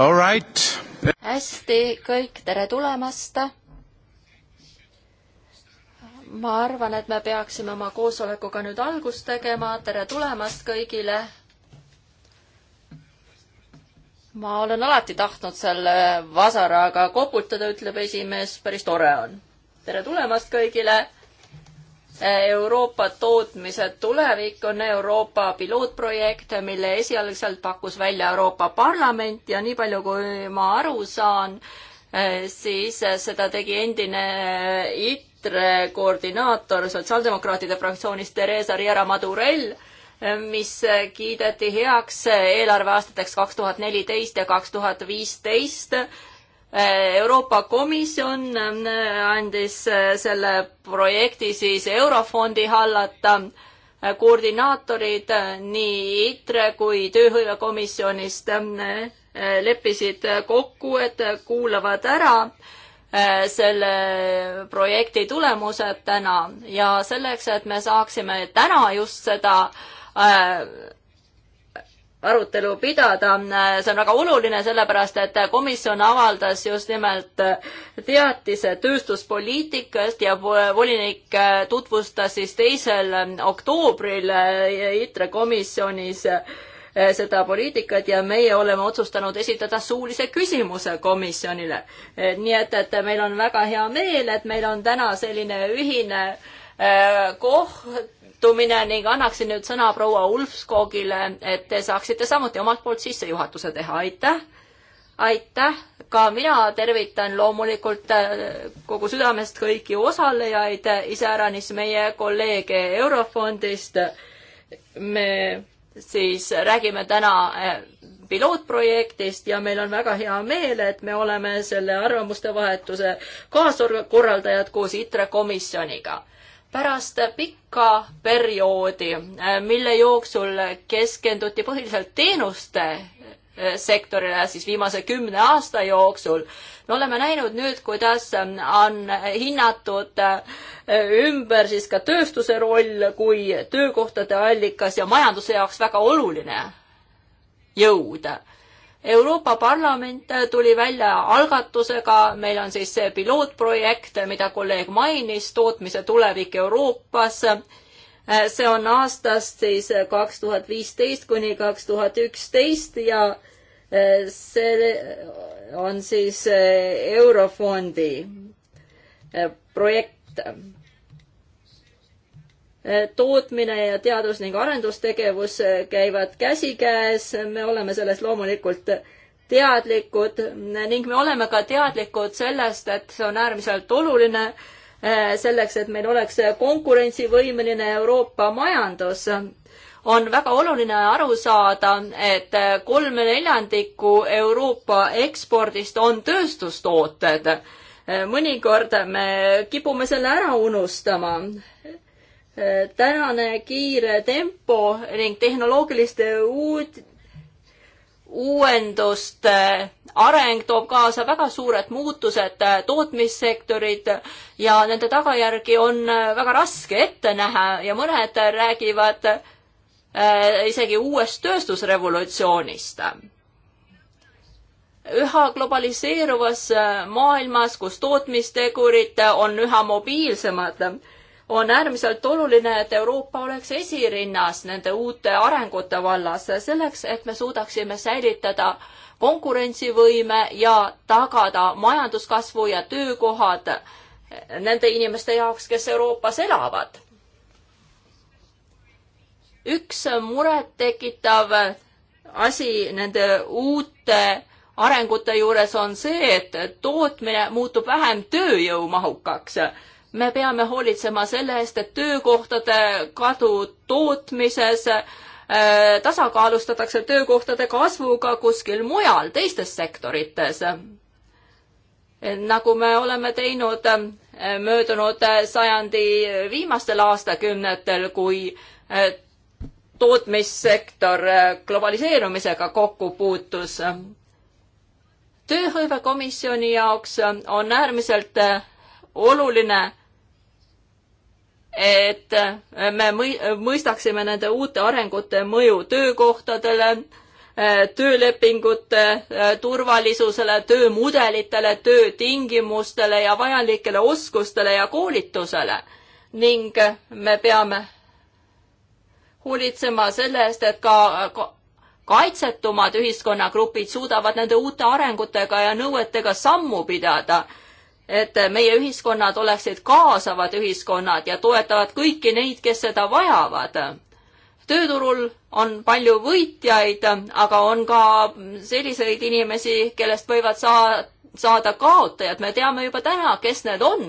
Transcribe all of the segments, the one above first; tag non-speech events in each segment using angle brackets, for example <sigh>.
All right. hästi, kõik tere tulemast. ma arvan, et me peaksime oma koosolekuga nüüd algust tegema. tere tulemast kõigile. ma olen alati tahtnud selle vasaraga koputada, ütleb esimees. päris tore on. tere tulemast kõigile Euroopa tootmise tulevik on Euroopa pilootprojekt, mille esialgselt pakkus välja Euroopa Parlament ja nii palju, kui ma aru saan, eh, siis seda tegi endine ITRE koordinaator sotsiaaldemokraatide fraktsioonist Theresa Riera Madurell, eh, mis kiideti heaks eelarveaastateks kaks tuhat neliteist ja kaks tuhat viisteist Euroopa Komisjon äh, andis äh, selle projekti siis Eurofondi hallata. Äh, koordinaatorid nii ITRE kui Tööhõivekomisjonist leppisid kokku, et kuulavad ära selle projekti tulemused täna ja selleks, et me saaksime täna just seda arutelu pidada. see on väga oluline, sellepärast et komisjon avaldas just nimelt teatise tööstuspoliitikast ja volinik tutvustas siis teisel oktoobril ITRE komisjonis seda poliitikat ja meie oleme otsustanud esitada suulise küsimuse komisjonile. nii et, et meil on väga hea meel, et meil on täna selline ühine eh, koht, käitumine ning annaksin nüüd sõna proua Ulfskogile, et te saaksite samuti omalt poolt sissejuhatuse teha, aitäh! aitäh, ka mina tervitan loomulikult äh, kogu südamest kõiki osalejaid, iseäranis meie kolleege Eurofondist. me siis räägime täna äh, pilootprojektist ja meil on väga hea meel, et me oleme selle arvamuste vahetuse kaaskorraldajad koos ITRE komisjoniga pärast pikka perioodi, äh, mille jooksul keskenduti põhiliselt teenuste äh, sektorile siis viimase kümne aasta jooksul. me oleme näinud nüüd, kuidas ähm, on hinnatud äh, ümber siis ka tööstuse roll kui töökohtade allikas ja majanduse jaoks väga oluline jõud. Euroopa Parlament tuli välja algatusega, meil on siis see pilootprojekt, mida kolleeg mainis, tootmise tulevik Euroopas. see on aastast siis kaks tuhat viisteist kuni kaks tuhat üksteist ja eh, see on siis eh, Eurofondi eh, projekt Äh, tootmine ja teadus- ning arendustegevus äh, käivad käsikäes, me oleme sellest loomulikult teadlikud ning me oleme ka teadlikud sellest, et see on äärmiselt oluline äh, selleks, et meil oleks konkurentsivõimeline Euroopa majandus. on väga oluline aru saada, et kolm neljandikku Euroopa ekspordist on tööstustooted. mõnikord me kipume selle ära unustama tänane kiire tempo ning tehnoloogiliste uud-, uuenduste areng toob kaasa väga suured muutused äh, tootmissektorid ja nende tagajärgi on äh, väga raske ette näha ja mõned räägivad äh, isegi uuest tööstusrevolutsioonist. üha globaliseeruvas maailmas, kus tootmistegurid on üha mobiilsemad, on äärmiselt oluline, et Euroopa oleks esirinnas nende uute arengute vallas, selleks et me suudaksime säilitada konkurentsivõime ja tagada majanduskasvu ja töökohad nende inimeste jaoks, kes Euroopas elavad. üks murettekitav asi nende uute arengute juures on see, et tootmine muutub vähem tööjõumahukaks me peame hoolitsema selle eest, et töökohtade kadu tootmises äh, tasakaalustatakse töökohtade kasvuga kuskil mujal, teistes sektorites. nagu me oleme teinud äh, möödunud äh, sajandi viimastel aastakümnetel, kui tootmissektor globaliseerumisega kokku puutus. tööhõivekomisjoni jaoks on äärmiselt oluline et me mõistaksime nende uute arengute mõju töökohtadele, eh, töölepingute eh, turvalisusele, töömudelitele, töötingimustele ja vajalikele oskustele ja koolitusele. ning me peame hoolitsema selle eest, et ka kaitsetumad ühiskonnagrupid suudavad nende uute arengutega ja nõuetega sammu pidada et meie ühiskonnad oleksid kaasavad ühiskonnad ja toetavad kõiki neid, kes seda vajavad. tööturul on palju võitjaid, aga on ka selliseid inimesi, kellest võivad saa-, saada kaotajad, me teame juba täna, kes need on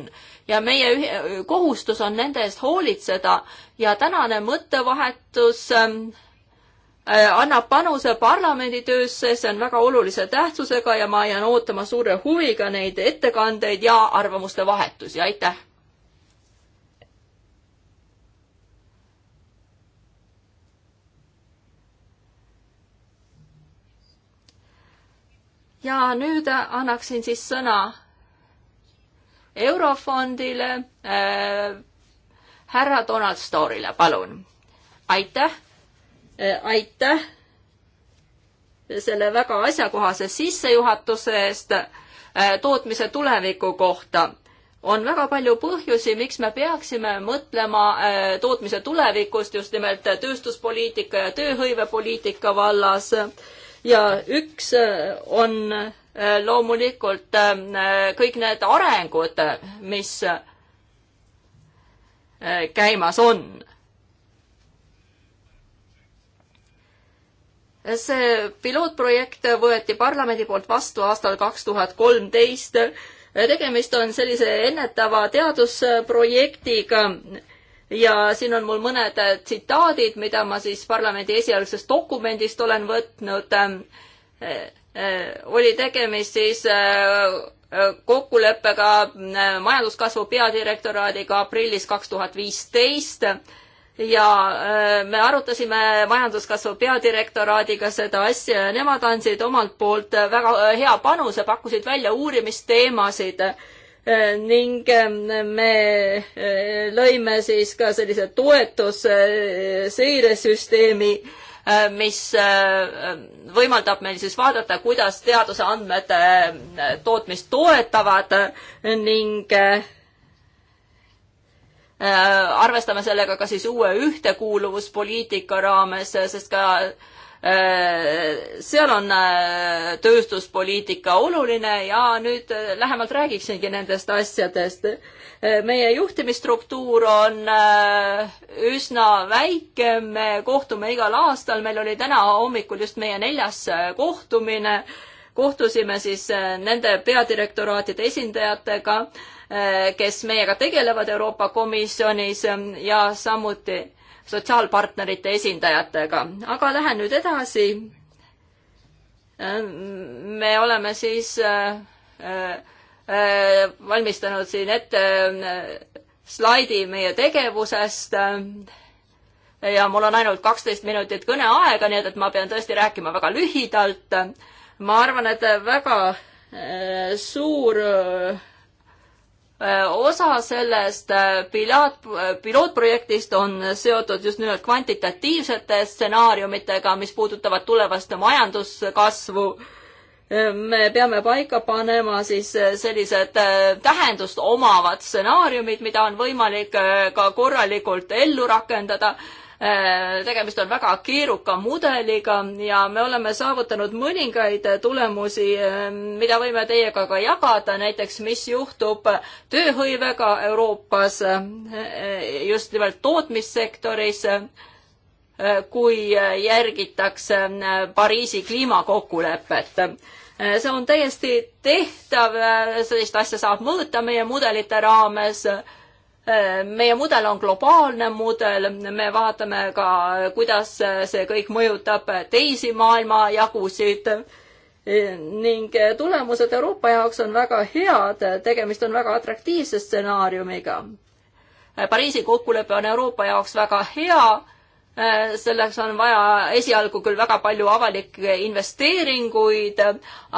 ja meie kohustus on nende eest hoolitseda ja tänane mõttevahetus äh, Äh, annab panuse parlamendi töösse, see on väga olulise tähtsusega ja ma jään ootama suure huviga neid ettekandeid ja arvamuste vahetusi, aitäh! ja nüüd annaksin siis sõna Eurofondile äh,, härra Donald Storile, palun! aitäh! Äh, aitäh selle väga asjakohase sissejuhatuse eest äh, tootmise tuleviku kohta. on väga palju põhjusi, miks me peaksime mõtlema äh, tootmise tulevikust just nimelt tööstuspoliitika ja tööhõivepoliitika vallas. ja üks on loomulikult kõik need arengud, mis käimas on see pilootprojekt võeti parlamendi poolt vastu aastal kaks tuhat kolmteist. tegemist on sellise ennetava teadusprojektiga ja siin on mul mõned tsitaadid, mida ma siis parlamendi esialgsest dokumendist olen võtnud. oli tegemist siis äh, kokkuleppega äh, majanduskasvu peadirektoraadiga aprillis kaks tuhat viisteist ja äh, me arutasime majanduskasvu peadirektoraadiga seda asja ja nemad andsid omalt poolt äh, väga äh, hea panuse, pakkusid välja uurimisteemasid ning me lõime siis ka sellise toetusseiresüsteemi, mis võimaldab meil siis vaadata, kuidas teaduse andmed tootmist toetavad ning Äh, arvestame sellega ka siis uue ühtekuuluvuspoliitika raames, sest ka äh, seal on äh, tööstuspoliitika oluline ja nüüd lähemalt räägiksingi nendest asjadest. meie juhtimisstruktuur on üsna väike, me kohtume igal aastal, meil oli täna hommikul just meie neljas kohtumine, kohtusime siis nende peadirektoraatide esindajatega Äh, kes meiega tegelevad Euroopa Komisjonis ähm, ja samuti sotsiaalpartnerite esindajatega. aga lähen nüüd edasi. Ähm, me oleme siis äh, äh, valmistanud siin ette slaidi meie tegevusest ja mul on ainult kaksteist minutit kõneaega, nii et, et ma pean tõesti rääkima väga lühidalt. ma arvan, et väga suur Äh, osa sellest äh, pilaat, äh, pilootprojektist on seotud just nimelt kvantitatiivsete stsenaariumitega, mis puudutavad tulevast majanduskasvu. me peame paika panema siis sellised tähendust omavad stsenaariumid, mida on võimalik ka korralikult ellu rakendada Äh, tegemist on väga keeruka mudeliga ja me oleme saavutanud mõningaid tulemusi, äh, mida võime teiega ka jagada, näiteks mis juhtub tööhõivega Euroopas, äh, just nimelt tootmissektoris, kui järgitakse Pariisi kliimakokkulepet see on täiesti tehtav, sellist asja saab mõõta meie mudelite raames meie mudel on globaalne mudel, me vaatame ka, kuidas see kõik mõjutab teisi maailmajagusid ning tulemused Euroopa jaoks on väga head, tegemist on väga atraktiivse stsenaariumiga. Pariisi kokkulepe on Euroopa jaoks väga hea Äh, selleks on vaja esialgu küll väga palju avalikke investeeringuid,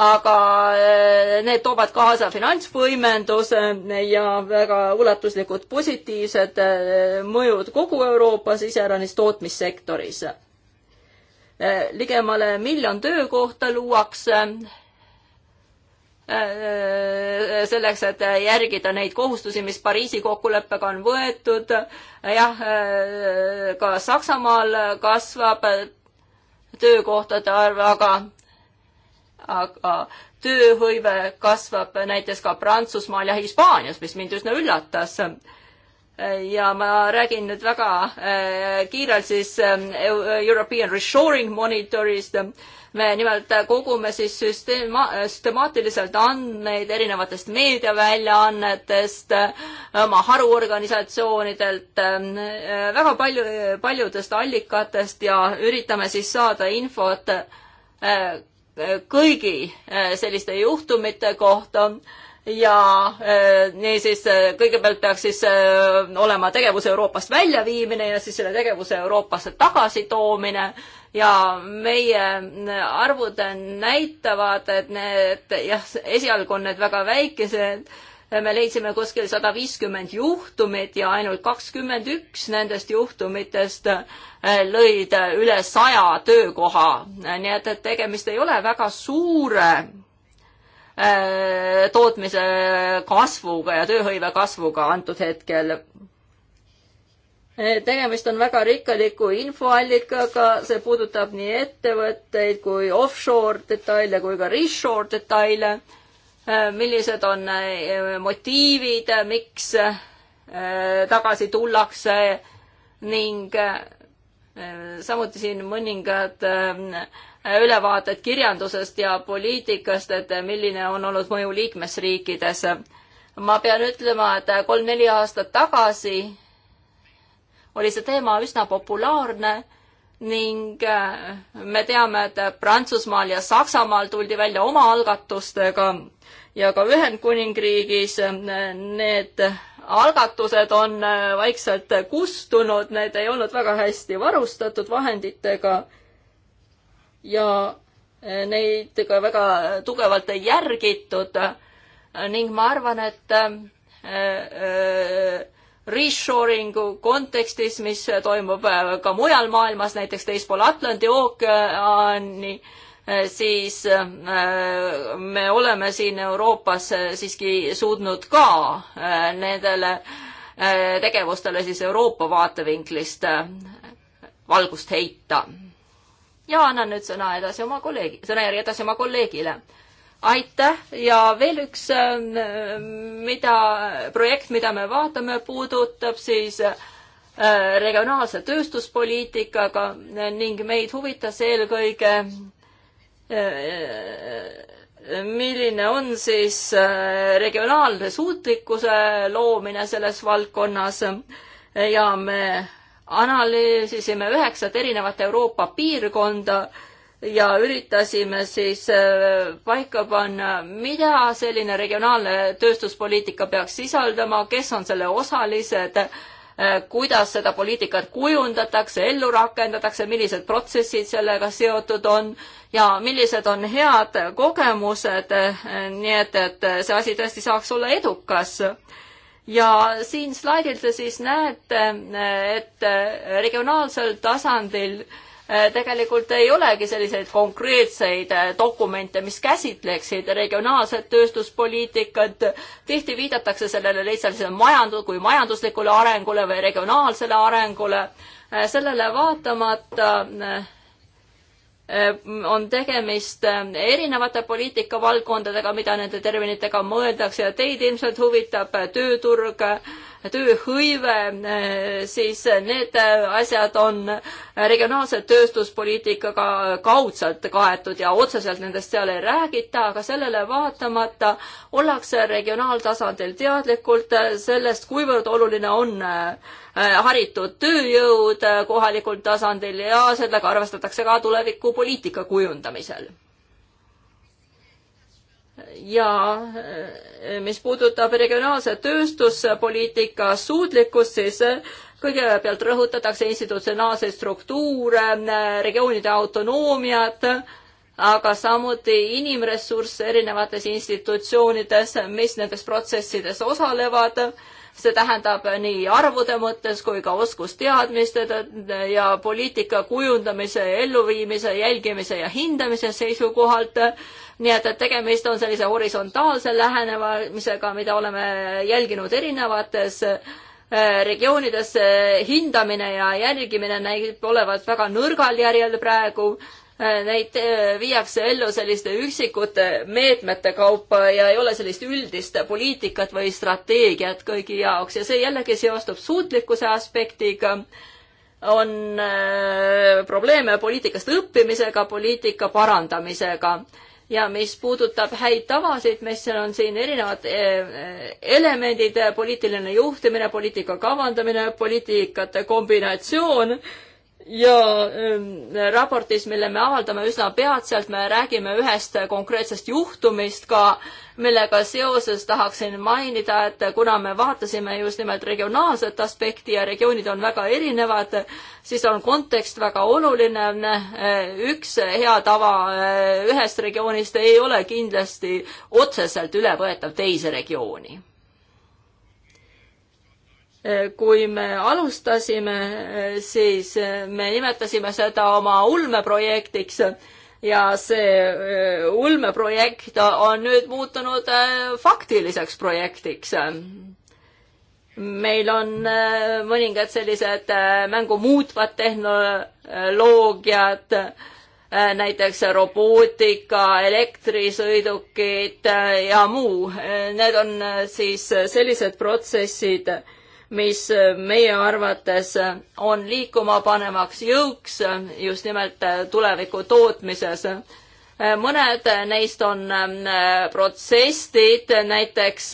aga äh, need toovad kaasa finantsvõimenduse ja väga ulatuslikud positiivsed äh, mõjud kogu Euroopas, iseäranis tootmissektoris. ligemale miljon töökohta luuakse selleks, et järgida neid kohustusi, mis Pariisi kokkuleppega on võetud. jah, ka Saksamaal kasvab töökohtade arv, aga, aga tööhõive kasvab näiteks ka Prantsusmaal ja Hispaanias, mis mind üsna üllatas ja ma räägin nüüd väga eh, kiirelt siis eh, European Reshoring Monitorist me nimelt kogume siis süsteema, süstemaatiliselt andmeid erinevatest meediaväljaannetest, oma haruorganisatsioonidelt, väga palju, paljudest allikatest ja üritame siis saada infot eh, kõigi eh, selliste juhtumite kohta ja eh, niisiis kõigepealt peaks siis olema tegevuse Euroopast väljaviimine ja siis selle tegevuse Euroopasse tagasitoomine ja meie arvud näitavad, et need jah, esialgu on need väga väikesed, me leidsime kuskil sada viiskümmend juhtumit ja ainult kakskümmend üks nendest juhtumitest eh, lõid üle saja töökoha, nii et, et tegemist ei ole väga suure eh, tootmise kasvuga ja tööhõive kasvuga antud hetkel Eh, tegemist on väga rikkaliku infoallikaga, see puudutab nii ettevõtteid kui offshore detaile kui ka reshore detaile. Eh, millised on eh, motiivid, miks tagasi tullakse ning samuti siin mõningad ülevaated kirjandusest ja poliitikast, et milline on olnud mõju liikmesriikides. ma pean ütlema, et kolm-neli aastat tagasi oli see teema üsna populaarne ning äh, me teame, et Prantsusmaal ja Saksamaal tuldi välja oma algatustega ja ka Ühendkuningriigis äh, need algatused on äh, vaikselt kustunud, need ei olnud väga hästi varustatud vahenditega ja neid ka väga tugevalt ei järgitud ning ma arvan, et reshoringu kontekstis, mis toimub äh, ka mujal maailmas, näiteks teispool Atlandi ookeani, äh, siis äh, me oleme siin Euroopas siiski suutnud ka nendele tegevustele siis Euroopa vaatevinklist valgust heita. ja annan nüüd sõna edasi oma kolleegi, sõnajärje edasi oma kolleegile aitäh ja veel üks, äh, mida, projekt, mida me vaatame, puudutab siis äh, regionaalse tööstuspoliitikaga ning meid huvitas eelkõige, äh, milline on siis regionaalse suutlikkuse loomine selles valdkonnas ja me analüüsisime üheksat erinevat Euroopa piirkonda ja üritasime siis äh, paika panna, mida selline regionaalne tööstuspoliitika peaks sisaldama, kes on selle osalised, äh, kuidas seda poliitikat kujundatakse, ellu rakendatakse, millised protsessid sellega seotud on ja millised on head kogemused, äh, nii et, et see asi tõesti saaks olla edukas ja siin slaidilt te siis näete, et regionaalsel tasandil äh, Äh, tegelikult ei olegi selliseid konkreetseid äh, dokumente, mis käsitleksid regionaalset tööstuspoliitikat. tihti viidatakse sellele lihtsalt majandus, kui majanduslikule arengule või regionaalsele arengule. Äh, sellele vaatamata on tegemist erinevate poliitikavaldkondadega, mida nende terminitega mõeldakse ja teid ilmselt huvitab tööturg tööhõive, siis need asjad on regionaalse tööstuspoliitikaga kaudselt kaetud ja otseselt nendest seal ei räägita, aga sellele vaatamata ollakse regionaaltasandil teadlikult sellest, kuivõrd oluline on äh, haritud tööjõud äh, kohalikul tasandil ja sellega arvestatakse ka tulevikupoliitika kujundamisel ja äh, mis puudutab regionaalse tööstuspoliitika suutlikkust, siis äh, kõigepealt rõhutatakse institutsionaalseid struktuure, äh, regioonide autonoomiat aga samuti inimressursse erinevates institutsioonides, mis nendes protsessides osalevad. see tähendab nii arvude mõttes kui ka oskusteadmiste ja poliitika kujundamise, elluviimise, jälgimise ja hindamise seisukohalt. nii et, et tegemist on sellise horisontaalse lähenemisega, mida oleme jälginud erinevates äh, regioonides hindamine ja jälgimine näib olevat väga nõrgal järjel praegu neid viiakse ellu selliste üksikute meetmete kaupa ja ei ole sellist üldist poliitikat või strateegiat kõigi jaoks ja see jällegi seostub suutlikkuse aspektiga, on äh, probleeme poliitikast õppimisega, poliitika parandamisega ja mis puudutab häid tavasid, mis on siin erinevad äh, elemendid, poliitiline juhtimine, poliitika kavandamine, poliitikate kombinatsioon ja ähm, raportis, mille me avaldame üsna peatselt, me räägime ühest konkreetsest juhtumist ka, millega seoses tahaksin mainida, et kuna me vaatasime just nimelt regionaalset aspekti ja regioonid on väga erinevad, siis on kontekst väga oluline. Äh, üks hea tava äh, ühest regioonist ei ole kindlasti otseselt ülevõetav teise regiooni kui me alustasime, siis me nimetasime seda oma ulmeprojektiks ja see äh, ulmeprojekt on nüüd muutunud äh, faktiliseks projektiks meil on äh, mõningad sellised mängu muutvad tehnoloogiad, näiteks robootika, elektrisõidukid ja muu. Need on siis sellised protsessid, mis äh, meie arvates äh, on liikuma panemaks jõuks äh, just nimelt tuleviku tootmises. mõned neist on protsessid, näiteks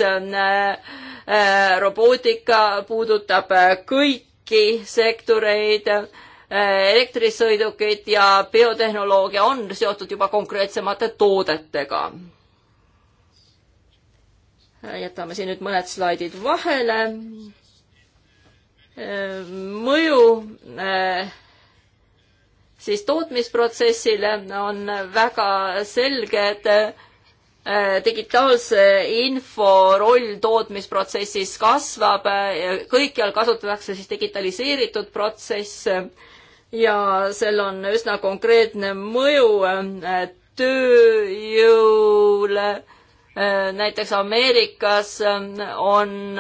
robootika puudutab kõiki sektoreid, elektrisõidukid ja biotehnoloogia on seotud juba konkreetsemate toodetega jätame siin nüüd mõned slaidid vahele mõju äh, siis tootmisprotsessile on väga selge, et äh, digitaalse info roll tootmisprotsessis kasvab, äh, kõikjal kasutatakse siis digitaliseeritud protsesse ja sel on üsna konkreetne mõju tööjõule. näiteks Ameerikas on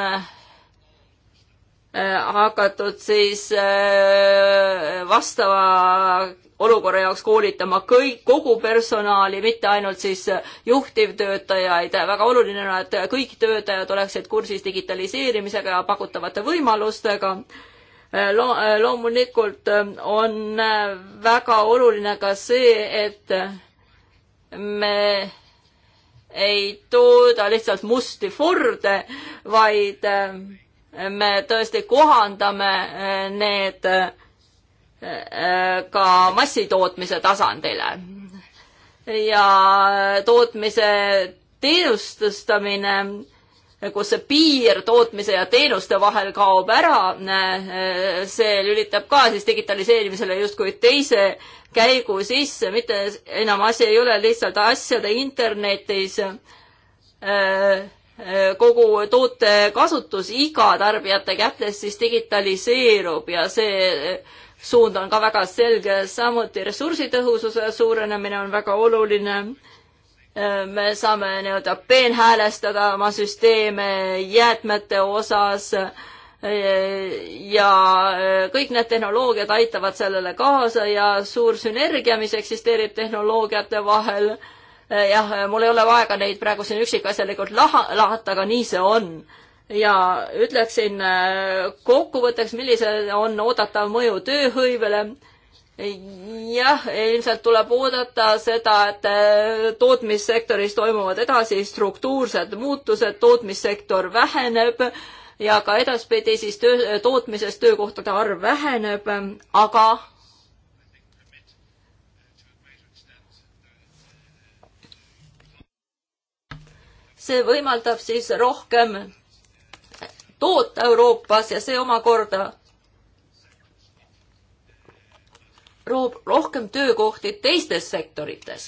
Äh, hakatud siis äh, vastava olukorra jaoks koolitama kõik, kogu personali, mitte ainult siis juhtivtöötajaid. väga oluline on, et kõik töötajad oleksid kursis digitaliseerimisega ja pakutavate võimalustega äh, Lo. loomulikult on väga oluline ka see, et me ei tooda lihtsalt musti Forde, vaid me tõesti kohandame eh, need eh, eh, ka massitootmise tasandile. ja tootmise teenustustamine, kus see piir tootmise ja teenuste vahel kaob ära, see lülitab ka siis digitaliseerimisele justkui teise käigu sisse, mitte enam asi ei ole lihtsalt asjade internetis äh, kogu toote kasutusiga tarbijate kätes siis digitaliseerub ja see suund on ka väga selge, samuti ressursitõhususe suurenemine on väga oluline. me saame nii-öelda peenhäälestada oma süsteeme jäätmete osas ja kõik need tehnoloogiad aitavad sellele kaasa ja suur sünergia, mis eksisteerib tehnoloogiate vahel Eh, jah, mul ei ole aega neid praegu siin üksikasjalikult laha, lahata, aga nii see on. ja ütleksin eh, kokkuvõtteks, milline on oodatav mõju tööhõivele jah, ilmselt tuleb oodata seda, et eh, tootmissektoris toimuvad edasi struktuursed muutused, tootmissektor väheneb ja ka edaspidi siis töö, tootmises töökohtade arv väheneb, aga see võimaldab siis rohkem toota Euroopas ja see omakorda loob rohkem töökohti teistes sektorites.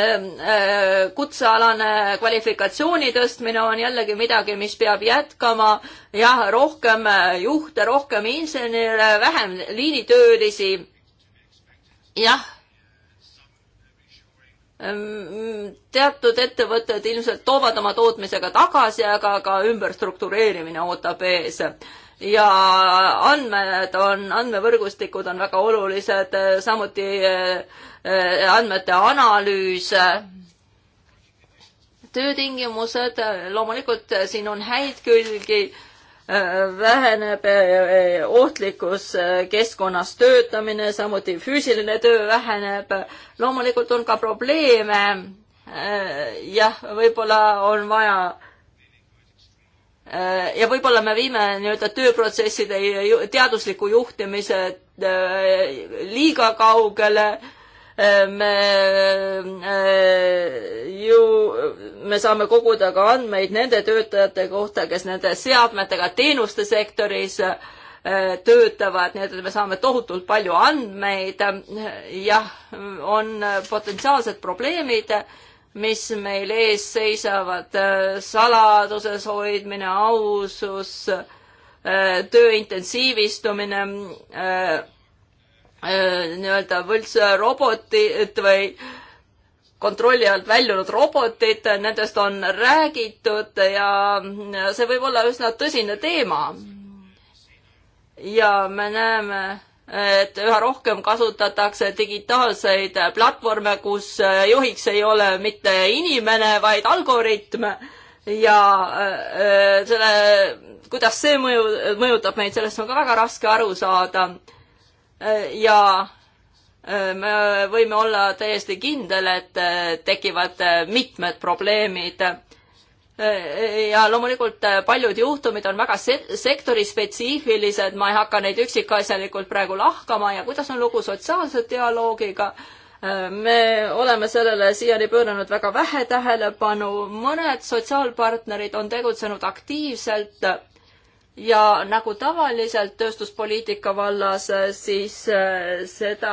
Ehm, ehm, kutsealane kvalifikatsiooni tõstmine on jällegi midagi, mis peab jätkama. jah, rohkem juhte, rohkem insenere, vähem liinitöölisi. jah Ehm, teatud ettevõtted ilmselt toovad oma tootmisega tagasi, aga ka ümberstruktureerimine ootab ees. ja andmed on, andmevõrgustikud on väga olulised, samuti eh, andmete analüüs, töötingimused, loomulikult eh, siin on häid külgi väheneb eh, ohtlikus eh, keskkonnas töötamine, samuti füüsiline töö väheneb. loomulikult on ka probleeme. Eh, jah, võib-olla on vaja ja võib-olla me viime nii-öelda tööprotsesside teadusliku juhtimise liiga kaugele me eh, ju, me saame koguda ka andmeid nende töötajate kohta, kes nende seadmetega teenuste sektoris eh, töötavad, nii et me saame tohutult palju andmeid. jah, on potentsiaalsed probleemid, mis meil ees seisavad, eh, saladuses hoidmine, ausus, töö intensiivistumine Äh, nii-öelda võltsrobotit või kontrolli alt väljunud robotid, nendest on räägitud ja see võib olla üsna tõsine teema. ja me näeme, et üha rohkem kasutatakse digitaalseid platvorme, kus juhiks ei ole mitte inimene, vaid algoritm ja äh, äh, selle, kuidas see mõju, mõjutab meid, sellest on ka väga raske aru saada Äh, ja äh, me võime olla täiesti kindel, et äh, tekivad mitmed probleemid. ja loomulikult paljud juhtumid on väga se sektorispetsiifilised, ma ei hakka neid üksikasjalikult praegu lahkama ja kuidas on lugu sotsiaalse dialoogiga me oleme sellele siiani pööranud väga vähe tähelepanu, mõned sotsiaalpartnerid on tegutsenud aktiivselt ja nagu tavaliselt tööstuspoliitika vallas, eh, siis eh, seda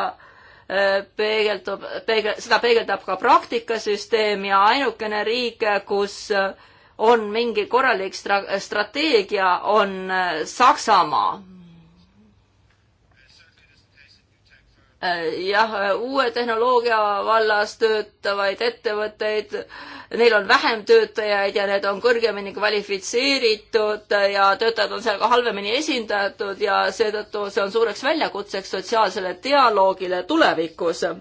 eh, peegeldub, peegel-, seda peegeldab ka praktikasüsteem ja ainukene riik, kus on mingi korralik stra-, strateegia, on Saksamaa. jah, uue tehnoloogia vallas töötavaid ettevõtteid neil on vähem töötajaid ja need on kõrgemini kvalifitseeritud ja töötajad on seal ka halvemini esindatud ja seetõttu see on suureks väljakutseks sotsiaalsele dialoogile tulevikus eh,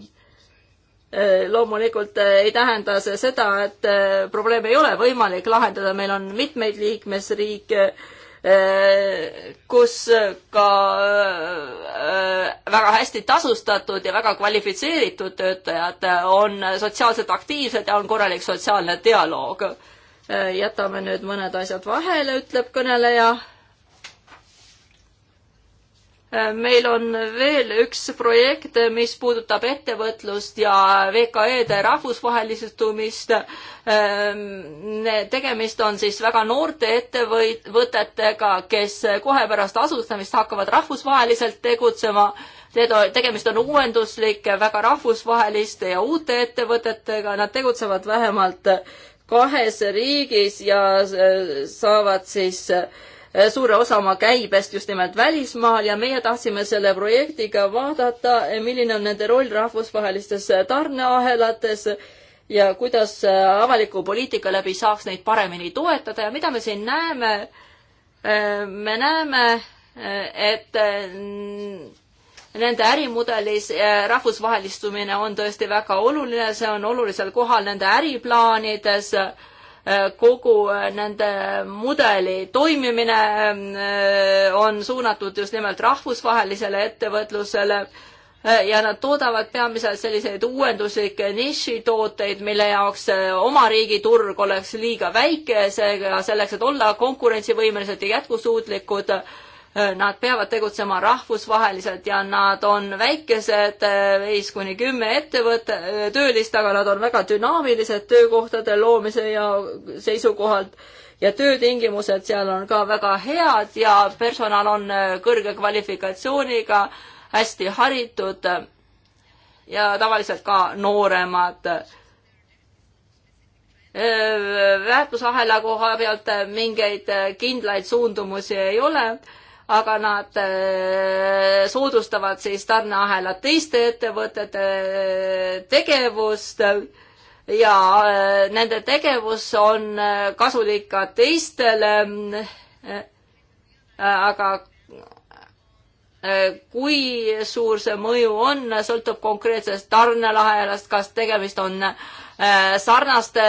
loomulikult eh, ei tähenda see seda, et eh, probleeme ei ole võimalik lahendada, meil on mitmeid liikmesriike, Äh, kus ka äh, väga hästi tasustatud ja väga kvalifitseeritud töötajad on sotsiaalselt aktiivsed ja on korralik sotsiaalne dialoog. Äh, jätame nüüd mõned asjad vahele, ütleb kõneleja Äh, meil on veel üks projekt, mis puudutab ettevõtlust ja VKE-de rahvusvahelistumist. Ähm, tegemist on siis väga noorte ettevõtetega, kes kohe pärast asustamist hakkavad rahvusvaheliselt tegutsema. tegemist on uuenduslike, väga rahvusvaheliste ja uute ettevõtetega, nad tegutsevad vähemalt kahes riigis ja äh, saavad siis äh, Eh, suure osa oma käibest just nimelt välismaal ja meie tahtsime selle projektiga vaadata, eh, milline on nende roll rahvusvahelistes eh, tarneahelates ja kuidas avaliku poliitika läbi saaks neid paremini toetada ja mida me siin näeme, me näeme, et nende ärimudelis rahvusvahelistumine on tõesti väga oluline, see on olulisel kohal nende äriplaanides kogu äh, nende mudeli toimimine äh, on suunatud just nimelt rahvusvahelisele ettevõtlusele äh, ja nad toodavad peamiselt selliseid uuenduslikke nišitooteid, mille jaoks oma riigi turg oleks liiga väike, seega selleks, et olla konkurentsivõimelised ja jätkusuutlikud, Nad peavad tegutsema rahvusvaheliselt ja nad on väikesed, viis kuni kümme ettevõtte, töölist, aga nad on väga dünaamilised töökohtade loomise ja seisukohalt ja töötingimused seal on ka väga head ja personal on kõrge kvalifikatsiooniga, hästi haritud ja tavaliselt ka nooremad. väärtusahela koha pealt mingeid kindlaid suundumusi ei ole aga nad äh, soodustavad siis tarneahela teiste ettevõtete äh, tegevust ja äh, nende tegevus on kasulik ka teistele. aga Äh, kui suur see mõju on, sõltub konkreetsest tarnelahelast, kas tegemist on äh, sarnaste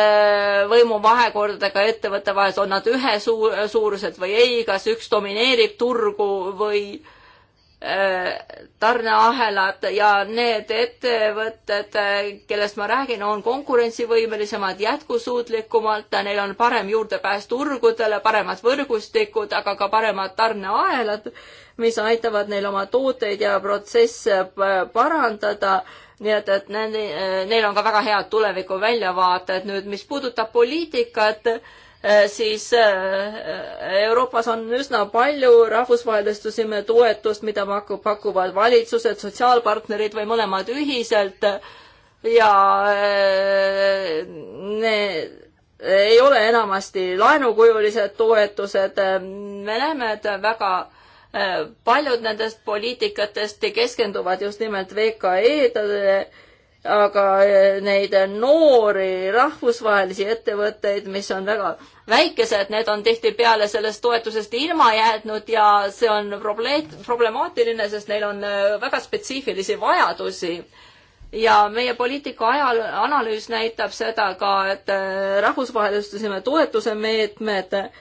võimuvahekordadega ettevõtte vahel, on nad ühesuurused või ei, kas üks domineerib turgu või äh, tarneahelad ja need ettevõtted, kellest ma räägin, on konkurentsivõimelisemad, jätkusuutlikumad, neil on parem juurdepääs turgudele, paremad võrgustikud, aga ka paremad tarneahelad, mis aitavad neil oma tooteid ja protsesse parandada. nii et, et neil on ka väga head tuleviku väljavaated. nüüd, mis puudutab poliitikat, Äh, siis äh, Euroopas on üsna palju rahvusvahelistusimme toetust, mida pakub, pakuvad valitsused, sotsiaalpartnerid või mõlemad ühiselt ja äh, need ei ole enamasti laenukujulised toetused, me näeme, et väga paljud nendest poliitikatest keskenduvad just nimelt VKE-dele aga eh, neid noori rahvusvahelisi ettevõtteid, mis on väga väikesed, need on tihtipeale sellest toetusest ilma jäetud ja see on probleem, problemaatiline, sest neil on eh, väga spetsiifilisi vajadusi. ja meie poliitika ajal, analüüs näitab seda ka, et eh, rahvusvahelistusime toetuse meetmed meet,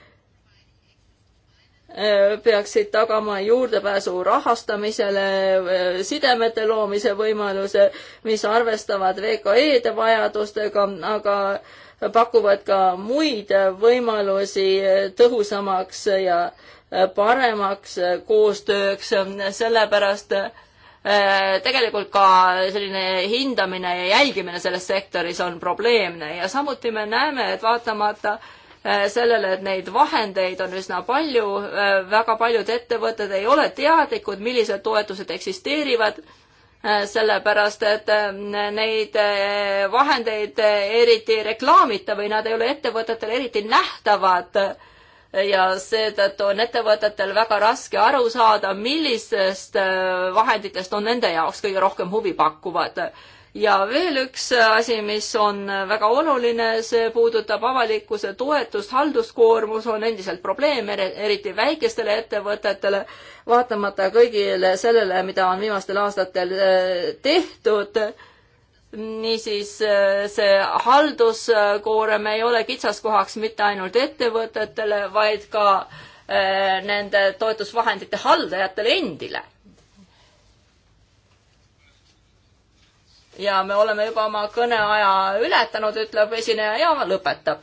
Äh, peaksid tagama juurdepääsu rahastamisele, äh, sidemete loomise võimaluse, mis arvestavad VKE-de vajadustega, aga pakuvad ka muid võimalusi tõhusamaks ja paremaks koostööks, sellepärast äh, tegelikult ka selline hindamine ja jälgimine selles sektoris on probleemne ja samuti me näeme, et vaatamata äh, Äh, sellele, et neid vahendeid on üsna palju, äh, väga paljud ettevõtted ei ole teadlikud, millised toetused eksisteerivad, äh, sellepärast et neid vahendeid eriti ei reklaamita või nad ei ole ettevõtetele eriti nähtavad ja seetõttu on ettevõtetel väga raske aru saada, millistest vahenditest on nende jaoks kõige rohkem huvi pakkuvad ja veel üks asi, mis on väga oluline, see puudutab avalikkuse toetust, halduskoormus on endiselt probleem, eriti väikestele ettevõtetele, vaatamata kõigile sellele, mida on viimastel aastatel eh, tehtud niisiis eh, see halduskoorem ei ole kitsaskohaks mitte ainult ettevõtetele, vaid ka eh, nende toetusvahendite haldajatele endile. ja me oleme juba oma kõneaja ületanud, ütleb esineja ja lõpetab.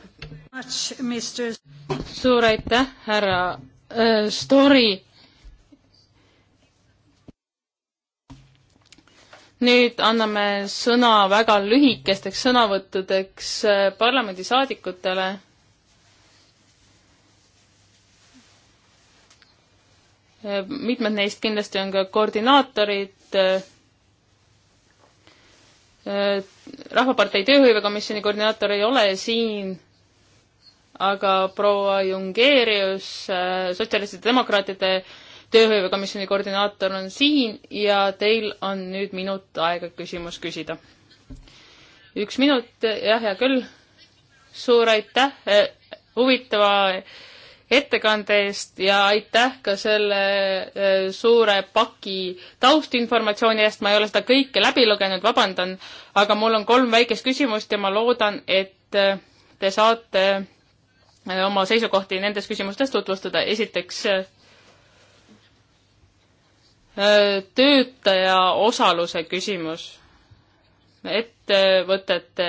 suur aitäh, härra äh, Stori. nüüd anname sõna väga lühikesteks sõnavõttudeks äh, parlamendisaadikutele. Äh, mitmed neist kindlasti on ka koordinaatorid äh, Rahvapartei Tööhõivekomisjoni koordinaator ei ole siin, aga proua Jungeerius, sotsialistide demokraatide tööhõivekomisjoni koordinaator on siin ja teil on nüüd minut aega küsimus küsida. üks minut, jah, hea küll. suur aitäh eh, huvitava ettekande eest ja aitäh ka selle äh, suure paki taustinformatsiooni eest, ma ei ole seda kõike läbi lugenud, vabandan, aga mul on kolm väikest küsimust ja ma loodan, et äh, te saate äh, oma seisukohti nendes küsimustes tutvustada. esiteks, töötaja osaluse küsimus ettevõtete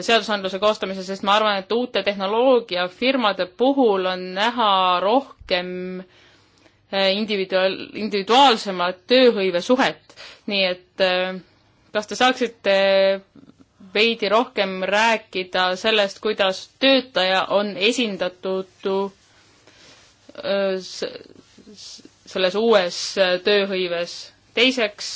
seadusandluse koostamise, sest ma arvan, et uute tehnoloogiafirmade puhul on näha rohkem eh, individuaal, individuaalsemat tööhõivesuhet. nii et eh, kas te saaksite veidi rohkem rääkida sellest, kuidas töötaja on esindatud eh, selles uues tööhõives? teiseks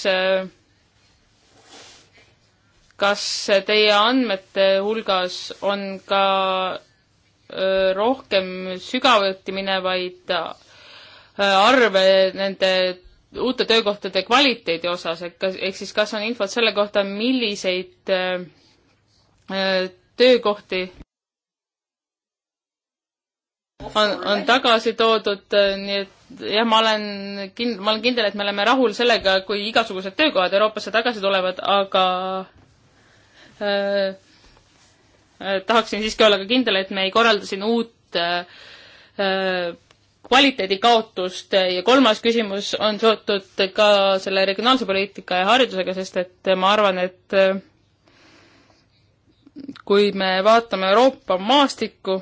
kas teie andmete hulgas on ka öö, rohkem sügavuti minevaid arve nende uute töökohtade kvaliteedi osas, et kas, ehk siis kas on infot selle kohta, milliseid öö, töökohti on, on tagasi toodud, nii et jah, ma olen kind-, ma olen kindel, et me oleme rahul sellega, kui igasugused töökohad Euroopasse tagasi tulevad, aga Äh, äh, tahaksin siiski olla ka kindel, et me ei korralda siin uut äh, kvaliteedikaotust ja kolmas küsimus on seotud ka selle regionaalse poliitika ja haridusega, sest et ma arvan, et kui me vaatame Euroopa maastikku,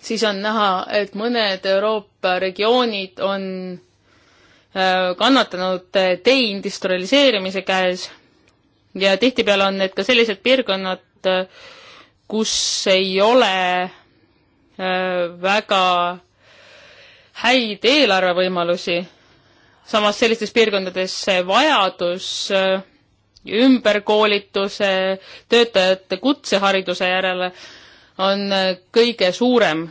siis on näha, et mõned Euroopa regioonid on kannatanud deindustrialiseerimise käes ja tihtipeale on need ka sellised piirkonnad, kus ei ole äh, väga häid eelarvevõimalusi. samas sellistes piirkondades see vajadus äh, ümberkoolituse, töötajate kutsehariduse järele on äh, kõige suurem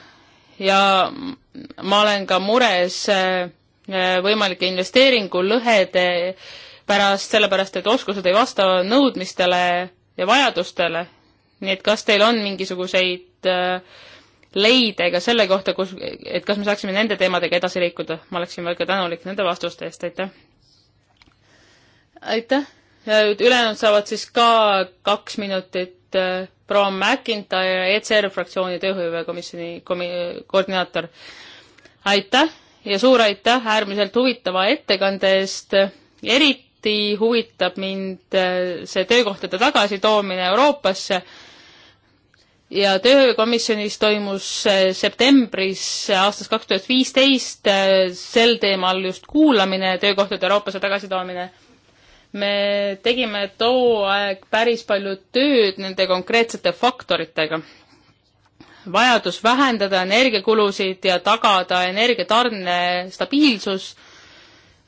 ja ma olen ka mures võimalike investeeringulõhede pärast, sellepärast et oskused ei vasta nõudmistele ja vajadustele. nii et kas teil on mingisuguseid äh, leide ka selle kohta, kus, et kas me saaksime nende teemadega edasi liikuda? ma oleksin väga tänulik nende vastuste eest, aitäh! aitäh! ülejäänud saavad siis ka kaks minutit äh, proua McIntyre, ECR fraktsiooni tööhõivekomisjoni komi-, koordinaator. aitäh ja suur aitäh äärmiselt huvitava ettekande eest, eriti samuti huvitab mind äh, see töökohtade tagasitoomine Euroopasse ja töökomisjonis toimus äh, septembris aastast kaks tuhat viisteist äh, sel teemal just kuulamine, töökohtade Euroopasse tagasitoomine. me tegime too aeg päris palju tööd nende konkreetsete faktoritega. vajadus vähendada energiakulusid ja tagada energiatarne stabiilsus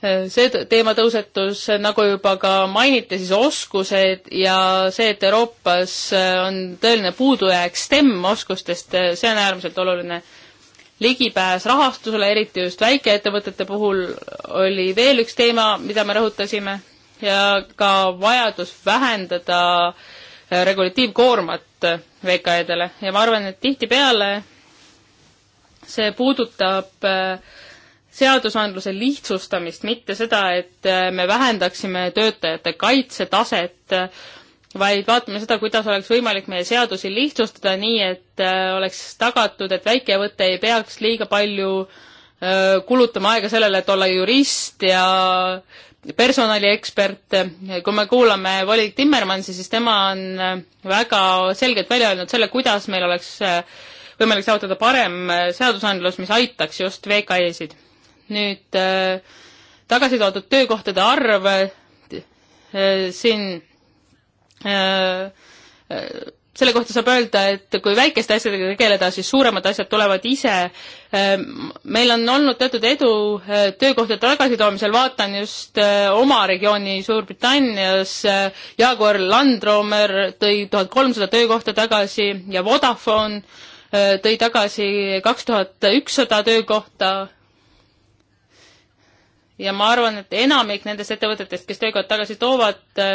see teema tõusetus, nagu juba ka mainiti, siis oskused ja see, et Euroopas on tõeline puudujääk STEM-oskustest, see on äärmiselt oluline. ligipääs rahastusele, eriti just väikeettevõtete puhul, oli veel üks teema, mida me rõhutasime ja ka vajadus vähendada äh, regulatiivkoormat äh, VKE-dele ja ma arvan, et tihtipeale see puudutab äh, seadusandluse lihtsustamist, mitte seda, et äh, me vähendaksime töötajate kaitsetaset, vaid vaatame seda, kuidas oleks võimalik meie seadusi lihtsustada nii, et äh, oleks tagatud, et väikevõte ei peaks liiga palju äh, kulutama aega sellele, et olla jurist ja personaliekspert, kui me kuulame volinik Timmermansi, siis tema on väga selgelt välja öelnud selle, kuidas meil oleks võimalik saavutada parem seadusandlus, mis aitaks just VKE-sid nüüd äh, tagasi toodud töökohtade arv äh, siin äh, selle kohta saab öelda, et kui väikeste asjadega tegeleda, siis suuremad asjad tulevad ise. meil on olnud teatud edu töökohtade tagasitoomisel, vaatan just oma regiooni Suurbritannias, Jaguar Land Rover tõi tuhat kolmsada töökohta tagasi ja Vodafone tõi tagasi kaks tuhat ükssada töökohta ja ma arvan, et enamik nendest ettevõtetest, kes töökohad tagasi toovad, äh,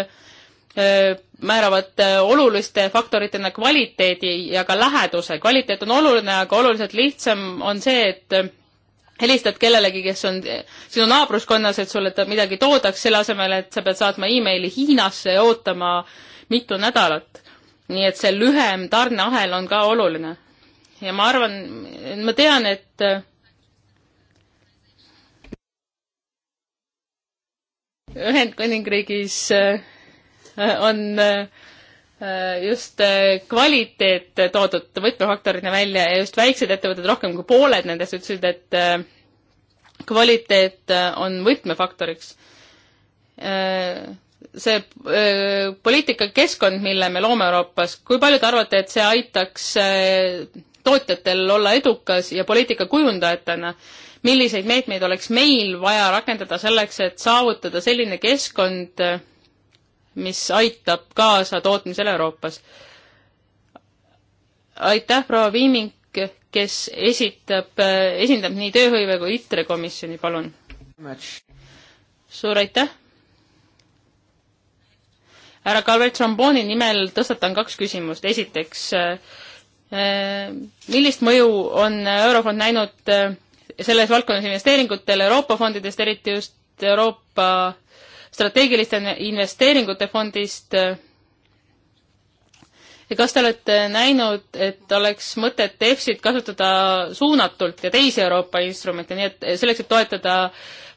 äh, määravad äh, oluliste faktoritena kvaliteedi ja ka läheduse. kvaliteet on oluline, aga oluliselt lihtsam on see, et helistad kellelegi, kes on sinu naabruskonnas, et sulle ta midagi toodaks, selle asemel, et sa pead saatma emaili Hiinasse ja ootama mitu nädalat. nii et see lühem tarneahel on ka oluline. ja ma arvan, ma tean, et Ühendkuningriigis äh, on äh, just äh, kvaliteet toodud võtmefaktorina välja ja just väiksed ettevõtted, rohkem kui pooled nendest ütlesid, et kvaliteet on võtmefaktoriks. see poliitikakeskkond, mille me loome Euroopas, kui palju te arvate, et see aitaks tootjatel olla edukas ja poliitika kujundajatena milliseid meetmeid oleks meil vaja rakendada selleks, et saavutada selline keskkond, mis aitab kaasa tootmisele Euroopas. aitäh, proua Viiming, kes esitab, esindab nii tööhõive kui ITRE komisjoni, palun. suur aitäh. härra Kalvet Tromboni nimel tõstatan kaks küsimust. esiteks, eh, millist mõju on Eurofond näinud eh, selles valdkonnas investeeringutel Euroopa fondidest, eriti just Euroopa strateegiliste investeeringute fondist. ja kas te olete näinud, et oleks mõtet EFSit kasutada suunatult ja teisi Euroopa instrumente, nii et selleks, et toetada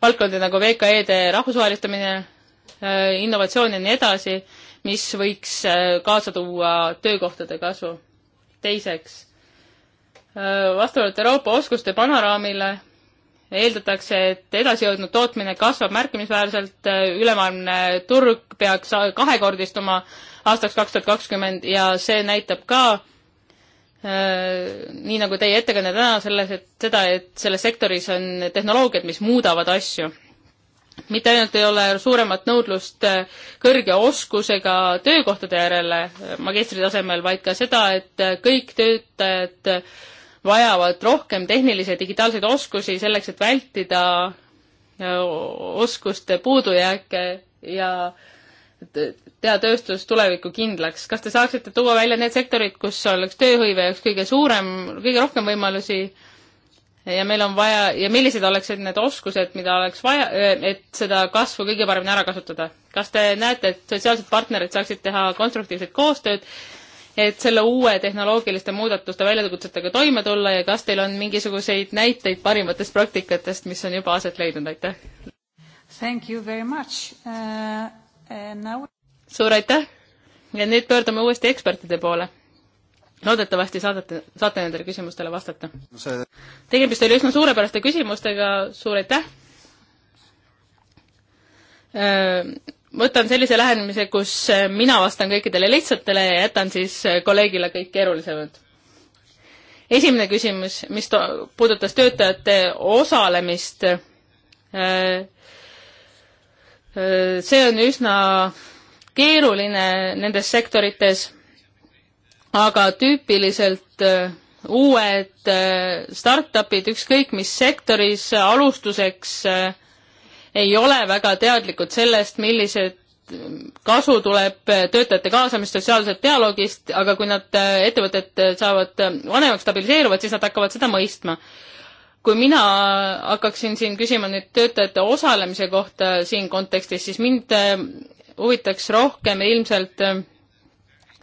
valdkondi nagu VKE-de rahvusvahelistamine, äh, innovatsioon ja nii edasi, mis võiks äh, kaasa tuua töökohtade kasvu. teiseks vastavalt Euroopa oskuste panoraamile eeldatakse, et edasijõudnud tootmine kasvab märkimisväärselt, ülemaailmne turg peaks kahekordistuma aastaks kaks tuhat kakskümmend ja see näitab ka, nii nagu teie ettekanne täna selles, et seda, et selles sektoris on tehnoloogiad, mis muudavad asju. mitte ainult ei ole suuremat nõudlust kõrge oskusega töökohtade järele magistri tasemel, vaid ka seda, et kõik töötajad et vajavad rohkem tehnilisi ja digitaalseid oskusi selleks, et vältida äh, oskuste puudujääke ja teha tööstus tulevikku kindlaks. kas te saaksite tuua välja need sektorid, kus oleks tööhõive üks kõige suurem, kõige rohkem võimalusi ja meil on vaja ja millised oleksid need oskused, mida oleks vaja, äh, et seda kasvu kõige paremini ära kasutada? kas te näete, et sotsiaalsed partnerid saaksid teha konstruktiivset koostööd et selle uue tehnoloogiliste muudatuste väljakutsetega toime tulla ja kas teil on mingisuguseid näiteid parimatest praktikatest, mis on juba aset leidnud, aitäh! Thank you very much uh,. uh now... suur aitäh! ja nüüd pöördume uuesti ekspertide poole. loodetavasti saadate, saate nendele küsimustele vastata no. See... tegemist oli üsna suurepäraste küsimustega, suur aitäh uh,! võtan sellise lähenemise, kus äh, mina vastan kõikidele lihtsatele ja jätan siis äh, kolleegile kõik keerulisemad. esimene küsimus, mis puudutas töötajate osalemist, äh, see on üsna keeruline nendes sektorites, aga tüüpiliselt uued startup'id, ükskõik mis sektoris, alustuseks äh, ei ole väga teadlikud sellest, millised kasu tuleb töötajate kaasamist sotsiaalsest dialoogist, aga kui nad, äh, ettevõtted äh, saavad äh, vanemaks, stabiliseeruvad, siis nad hakkavad seda mõistma. kui mina hakkaksin siin küsima nüüd töötajate osalemise kohta siin kontekstis, siis mind huvitaks rohkem ilmselt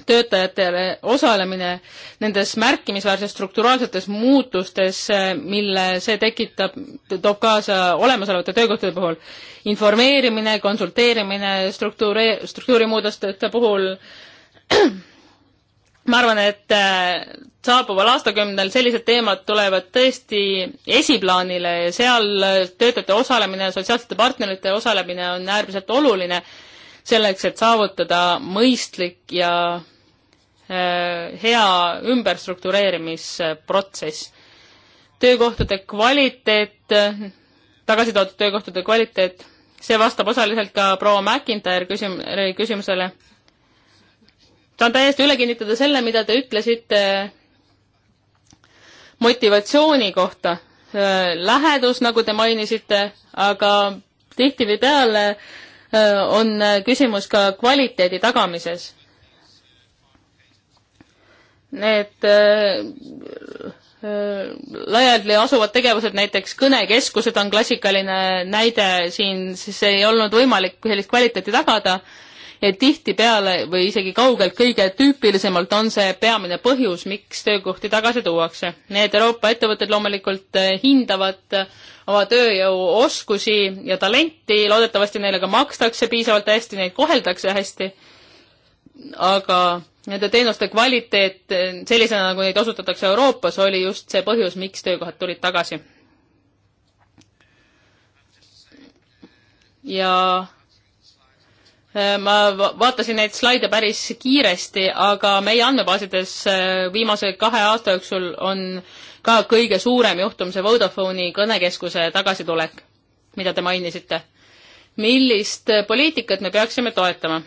töötajatele osalemine nendes märkimisväärses strukturaalsetes muutustes, mille see tekitab, toob kaasa olemasolevate töökohtade puhul. informeerimine, konsulteerimine struktuuri, struktuurimuudatuste puhul <clears throat> ma arvan, et äh, saabuval aastakümnel sellised teemad tulevad tõesti esiplaanile ja seal töötajate osalemine, sotsiaalsete partnerite osalemine on äärmiselt oluline selleks, et saavutada mõistlik ja äh, hea ümberstruktureerimisprotsess. töökohtade kvaliteet, tagasi toodud töökohtade kvaliteet, see vastab osaliselt ka proua McIntyre küsim-, küsimusele. saan täiesti üle kinnitada selle, mida te ütlesite motivatsiooni kohta. Äh, lähedus, nagu te mainisite, aga tihtipeale äh, Äh, on äh, küsimus ka kvaliteedi tagamises. Need äh, laiali asuvad tegevused, näiteks kõnekeskused on klassikaline näide siin, siis ei olnud võimalik sellist kvaliteeti tagada ja tihtipeale või isegi kaugelt kõige tüüpilisemalt on see peamine põhjus, miks töökohti tagasi tuuakse. Need Euroopa ettevõtted loomulikult eh, hindavad eh, oma tööjõuoskusi ja talenti, loodetavasti neile ka makstakse piisavalt hästi, neid koheldakse hästi, aga nende teenuste kvaliteet eh, sellisena, nagu neid osutatakse Euroopas, oli just see põhjus, miks töökohad tulid tagasi. ja ma vaatasin neid slaide päris kiiresti, aga meie andmebaasides äh, viimase kahe aasta jooksul on ka kõige suurem juhtum see Vodafone'i kõnekeskuse tagasitulek, mida te mainisite. millist poliitikat me peaksime toetama?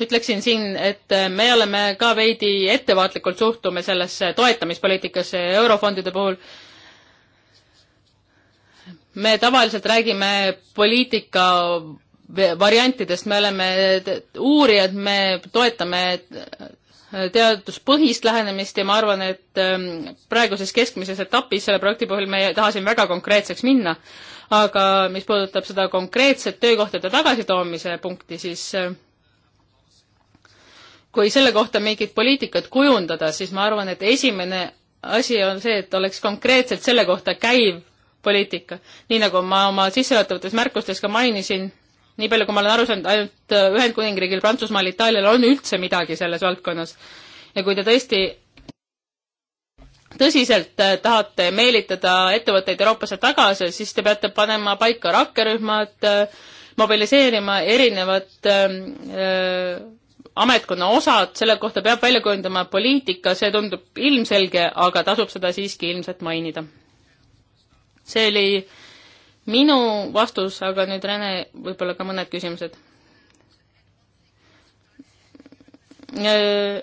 ütleksin siin, et äh, me oleme ka veidi ettevaatlikult suhtume sellesse toetamispoliitikasse eurofondide puhul me tavaliselt räägime poliitika variantidest, me oleme uurijad, me toetame teaduspõhist lähenemist ja ma arvan, et ähm, praeguses keskmises etapis selle projekti puhul me tahasime väga konkreetseks minna. aga mis puudutab seda konkreetset töökohtade tagasitoomise punkti, siis ähm, kui selle kohta mingit poliitikat kujundada, siis ma arvan, et esimene asi on see, et oleks konkreetselt selle kohta käiv poliitika. nii nagu ma oma sissejuhatavates märkustes ka mainisin nii palju, kui ma olen aru saanud, ainult äh, Ühendkuningriigil, Prantsusmaal, Itaalial on üldse midagi selles valdkonnas. ja kui te tõesti tõsiselt äh, tahate meelitada ettevõtteid Euroopasse tagasi, siis te peate panema paika rakkerühmad, äh, mobiliseerima erinevad ähm, äh, ametkonna osad, selle kohta peab välja kujundama poliitika, see tundub ilmselge, aga tasub seda siiski ilmselt mainida. see oli äh, minu vastus, aga nüüd Rene, võib-olla ka mõned küsimused. Äh,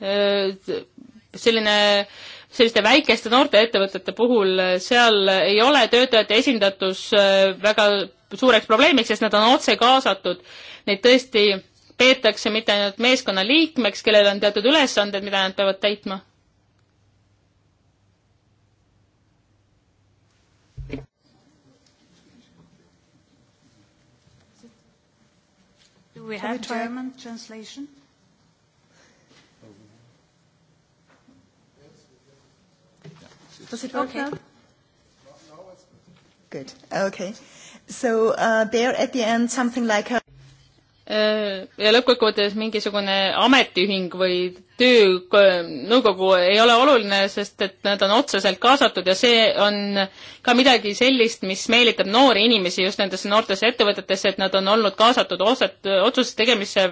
äh, selline, selliste väikeste noorteettevõtete puhul, äh, seal ei ole töötajate esindatus väga suureks probleemiks, sest nad on otse kaasatud. Neid tõesti peetakse mitte ainult meeskonna liikmeks, kellel on teatud ülesanded, mida nad peavad täitma Do we Shall have we try? German translation? Does it work okay. now? Good. Okay. So uh, there at the end, something like a Äh, ja lõppkokkuvõttes mingisugune ametiühing või töönõukogu äh, ei ole oluline, sest et nad on otseselt kaasatud ja see on ka midagi sellist, mis meelitab noori inimesi just nendesse noortesse ettevõtetesse, et nad on olnud kaasatud otsuste tegemisse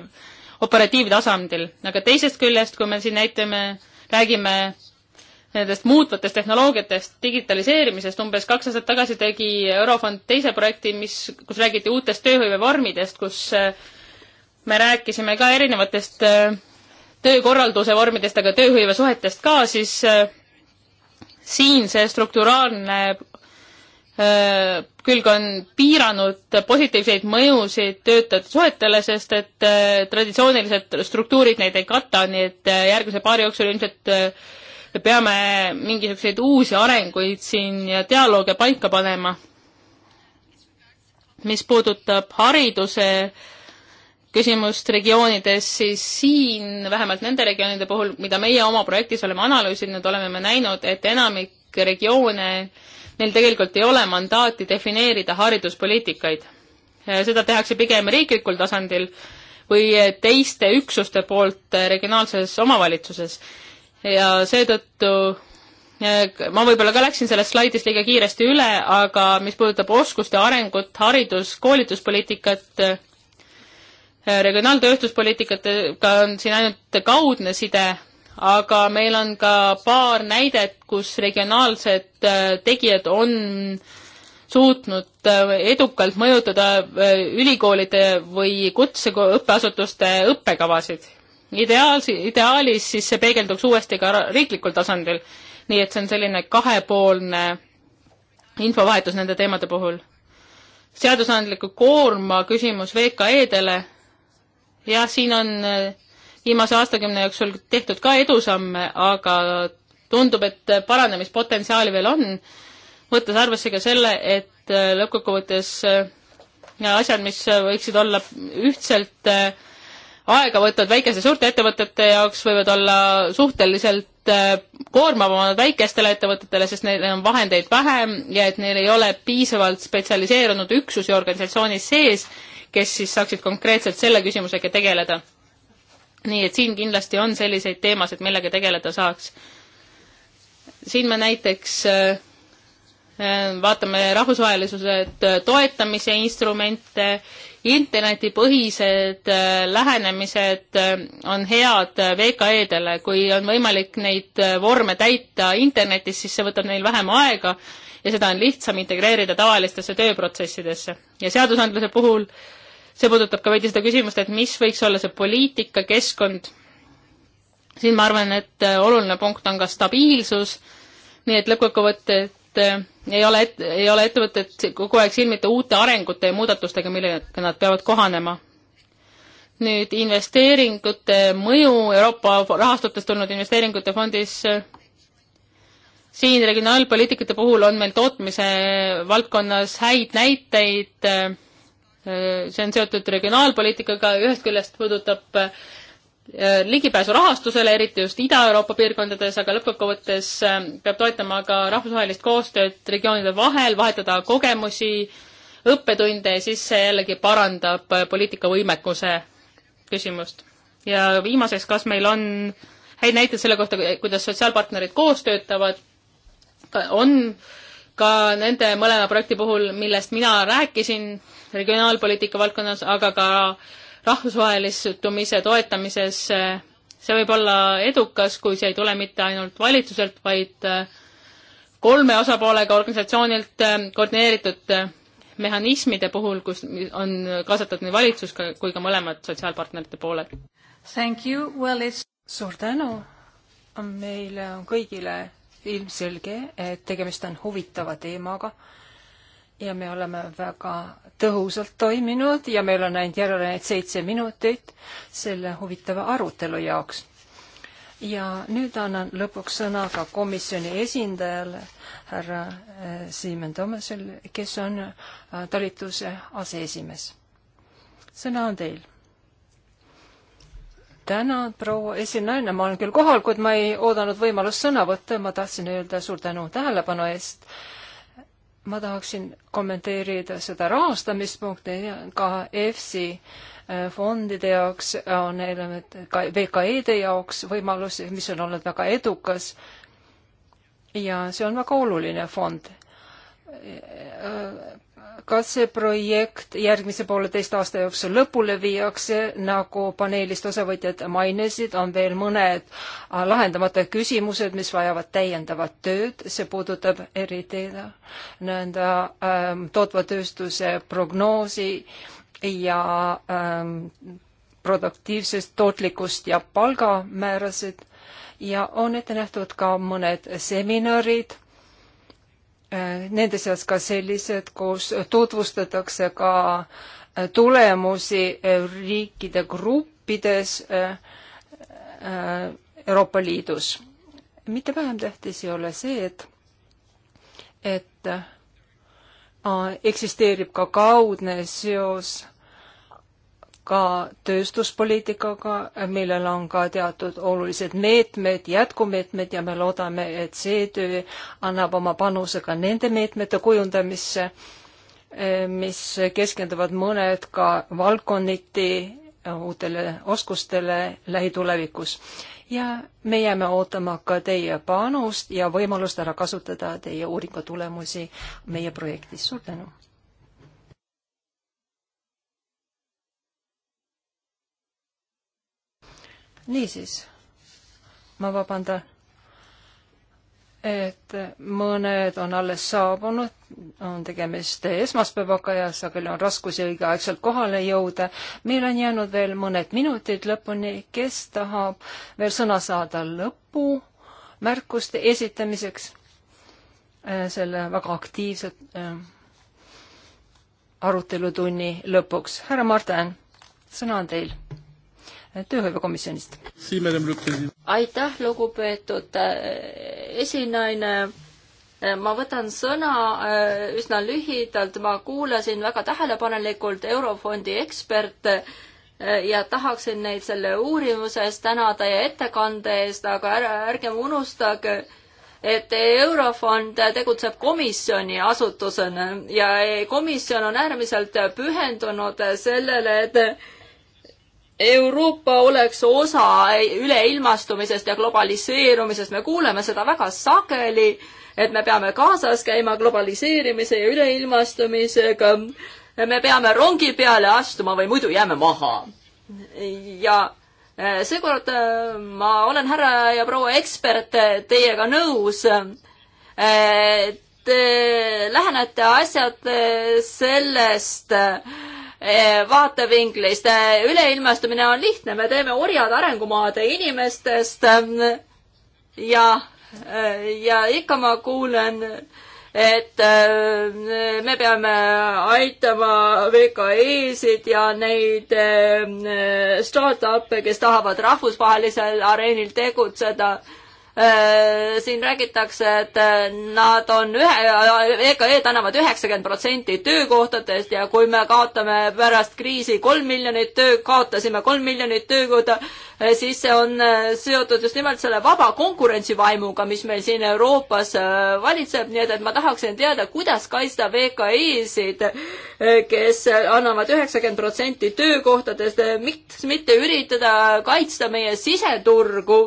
operatiivtasandil. aga teisest küljest, kui me siin näitame, räägime nendest muutvatest tehnoloogiatest, digitaliseerimisest, umbes kaks aastat tagasi tegi Eurofond teise projekti, mis, kus räägiti uutest tööhõivevormidest, kus äh, me rääkisime ka erinevatest äh, töökorralduse vormidest, aga tööhõivesuhetest ka, siis äh, siin see strukturaalne äh, külg on piiranud positiivseid mõjusid töötajate suhetele, sest et traditsioonilised struktuurid neid ei kata, nii et järgmise paari jooksul ilmselt me peame mingisuguseid uusi arenguid siin ja dialoogi paika panema. mis puudutab hariduse äh, küsimust regioonides, siis siin vähemalt nende regioonide puhul, mida meie oma projektis oleme analüüsinud, oleme me näinud, et enamik regioone, neil tegelikult ei ole mandaati defineerida hariduspoliitikaid. seda tehakse pigem riiklikul tasandil või teiste üksuste poolt regionaalses omavalitsuses. ja seetõttu eh, ma võib-olla ka läksin sellest slaidist liiga kiiresti üle, aga mis puudutab oskuste arengut, haridus, koolituspoliitikat, Äh, regionaaltööstuspoliitikatega on siin ainult kaudne side, aga meil on ka paar näidet, kus regionaalsed äh, tegijad on suutnud äh, edukalt mõjutada ülikoolide või kutseõppeasutuste õppekavasid. ideaalsi, ideaalis siis see peegelduks uuesti ka riiklikul tasandil. nii et see on selline kahepoolne infovahetus nende teemade puhul. seadusandliku koorma küsimus VKE-dele jah, siin on äh, viimase aastakümne jooksul tehtud ka edusamme, aga tundub, et äh, paranemispotentsiaali veel on, võttes arvesse ka selle, et äh, lõppkokkuvõttes asjad, mis võiksid olla ühtselt aega võtvad väikese suurte ettevõtete jaoks, võivad olla suhteliselt koormavamad väikestele ettevõtetele, sest neil on vahendeid vähem ja et neil ei ole piisavalt spetsialiseerunud üksusi organisatsiooni sees kes siis saaksid konkreetselt selle küsimusega tegeleda. nii et siin kindlasti on selliseid teemasid, millega tegeleda saaks. siin me näiteks äh, äh, vaatame rahvusvahelisuse äh, toetamise instrumente, internetipõhised lähenemised on head VKE-dele, kui on võimalik neid vorme täita internetis, siis see võtab neil vähem aega ja seda on lihtsam integreerida tavalistesse tööprotsessidesse. ja seadusandluse puhul äh, see puudutab ka veidi seda küsimust, et mis võiks olla see poliitika, keskkond. siin ma arvan, et äh, oluline punkt on ka stabiilsus, nii et lõppkokkuvõtted äh, ei ole, ei ole ettevõtted kogu aeg silmita uute arengute ja muudatustega, millega nad peavad kohanema. nüüd investeeringute mõju Euroopa rahastutest tulnud investeeringute fondis äh, siin regionaalpoliitikate puhul on meil tootmise valdkonnas häid näiteid see on seotud regionaalpoliitikaga, ühest küljest puudutab äh, ligipääsu rahastusele, eriti just Ida-Euroopa piirkondades, aga lõppkokkuvõttes äh, peab toetama ka rahvusvahelist koostööd regioonide vahel, vahetada kogemusi, õppetunde ja siis see jällegi parandab äh, poliitikavõimekuse küsimust. ja viimaseks, kas meil on häid näiteid selle kohta, kuidas sotsiaalpartnerid koos töötavad, on ka nende mõlema projekti puhul, millest mina rääkisin regionaalpoliitika valdkonnas, aga ka rahvusvahelistumise toetamises, see võib olla edukas, kui see ei tule mitte ainult valitsuselt, vaid äh, kolme osapoolega organisatsioonilt äh, koordineeritud äh, mehhanismide puhul, kus on kaasatud nii valitsus kui ka mõlemad sotsiaalpartnerite pooled. Well, suur tänu! meile on kõigile ilmselge, et tegemist on huvitava teemaga ja me oleme väga tõhusalt toiminud ja meil on ainult järele need seitse minutit selle huvitava arutelu jaoks. ja nüüd annan lõpuks sõna ka komisjoni esindajale, härra eh, Siim Tomasel, kes on eh, talituse aseesimees. sõna on teil tänan, proua esinaine, ma olen küll kohal, kuid ma ei oodanud võimalust sõna võtta, ma tahtsin öelda suur tänu tähelepanu eest. ma tahaksin kommenteerida seda rahastamispunkti ka EFSI äh, fondide jaoks on element, ka VKE-de jaoks võimalusi, mis on olnud väga edukas. ja see on väga oluline fond äh, kas see projekt järgmise pooleteist aasta jooksul lõpule viiakse, nagu paneelist osavõtjad mainisid, on veel mõned äh, lahendamata küsimused, mis vajavad täiendavat tööd, see puudutab eriti äh, nõnda ähm, tootva tööstuse prognoosi ja ähm, produktiivsust, tootlikkust ja palgamäärasid ja on ette nähtud ka mõned seminarid nende seas ka sellised, kus tutvustatakse ka äh, tulemusi äh, riikide gruppides äh, Euroopa Liidus. mitte vähem tähtis ei ole see, et, et eksisteerib ka kaudne seos ka tööstuspoliitikaga, millel on ka teatud olulised meetmed, jätkumeetmed ja me loodame, et see töö annab oma panuse ka nende meetmete kujundamisse, mis keskenduvad mõned ka valdkonniti uutele oskustele lähitulevikus. ja me jääme ootama ka teie panust ja võimalust ära kasutada teie uuringu tulemusi meie projektis. suur tänu! niisiis, ma vabandan, et mõned on alles saabunud, on tegemist esmaspäevaga ja sageli on raskusi õigeaegselt kohale jõuda. meil on jäänud veel mõned minutid lõpuni, kes tahab veel sõna saada lõpu märkuste esitamiseks äh, selle väga aktiivse äh, arutelutunni lõpuks. härra Marten, sõna on teil tööhõivekomisjonist. aitäh, lugupeetud äh, esinaine. Äh, ma võtan sõna äh, üsna lühidalt, ma kuulasin väga tähelepanelikult Eurofondi eksperte ja tahaksin neid selle uurimuse eest tänada ja ettekande eest, aga ära, ärgem unustage, et Eurofond tegutseb komisjoni asutusena ja komisjon on äärmiselt pühendunud sellele, et Euroopa oleks osa üleilmastumisest ja globaliseerumisest, me kuuleme seda väga sageli, et me peame kaasas käima globaliseerimise ja üleilmastumisega. me peame rongi peale astuma või muidu jääme maha. ja eh, seekord eh, ma olen härra ja proua ekspert teiega nõus eh, te lähenete asjad sellest Eh, vaatevinklist. Eh, üleilmastumine on lihtne, me teeme orjad arengumaade inimestest ja, eh, ja ikka ma kuulen et me peame aitama VKE-sid ja neid startup'e, kes tahavad rahvusvahelisel areenil tegutseda Äh, siin räägitakse, et äh, nad on ühe, äh, EKE-d annavad üheksakümmend protsenti töökohtadest ja kui me kaotame pärast kriisi kolm miljonit töö, kaotasime kolm miljonit töökohta, siis see on seotud just nimelt selle vaba konkurentsivaimuga, mis meil siin Euroopas valitseb, nii et, et ma tahaksin teada, kuidas kaitsta VKI-sid, kes annavad üheksakümmend protsenti töökohtadest, miks mitte üritada kaitsta meie siseturgu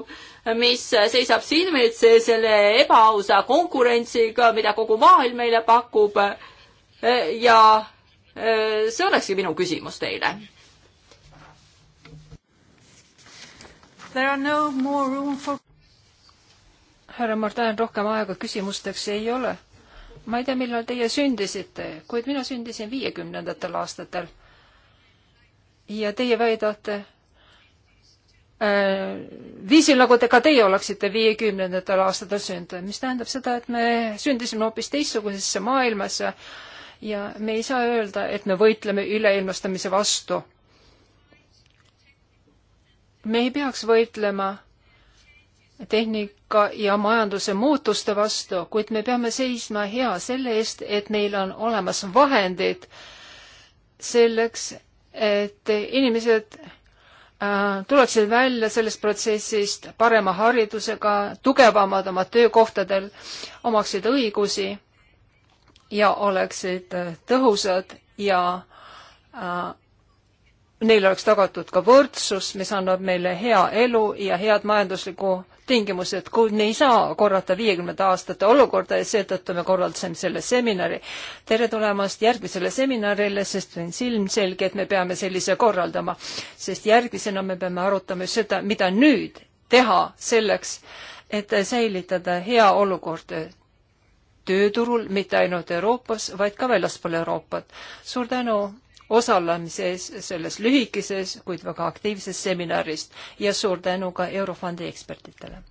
mis seisab silmitsi selle ebaausa konkurentsiga, mida kogu maailm meile pakub. ja eh, see olekski minu küsimus teile. There are no more room for härra Martin, rohkem aega küsimusteks ei ole. ma ei tea, millal teie sündisite, kuid mina sündisin viiekümnendatel aastatel. ja teie väidate, Äh, viisil, nagu te ka teie oleksite viiekümnendatel aastatel sündinud, mis tähendab seda, et me sündisime hoopis teistsugusesse maailmasse ja me ei saa öelda, et me võitleme üleilmastamise vastu. me ei peaks võitlema tehnika ja majanduse muutuste vastu, kuid me peame seisma hea selle eest, et meil on olemas vahendid selleks, et inimesed Äh, tuleksid välja sellest protsessist parema haridusega, tugevamad oma töökohtadel, omaksid õigusi ja oleksid äh, tõhusad ja äh, neile oleks tagatud ka võrdsus, mis annab meile hea elu ja head majanduslikku tingimused, kuid me ei saa korrata viiekümnendate aastate olukorda ja seetõttu me korraldasime selle seminari. tere tulemast järgmisele seminarile, sest on ilmselge, et me peame sellise korraldama, sest järgmisena me peame arutama seda, mida nüüd teha selleks, et säilitada hea olukord tööturul mitte ainult Euroopas, vaid ka väljaspool Euroopat. suur tänu osalemises selles lühikeses, kuid väga aktiivses seminaris ja suur tänu ka Eurofondi ekspertidele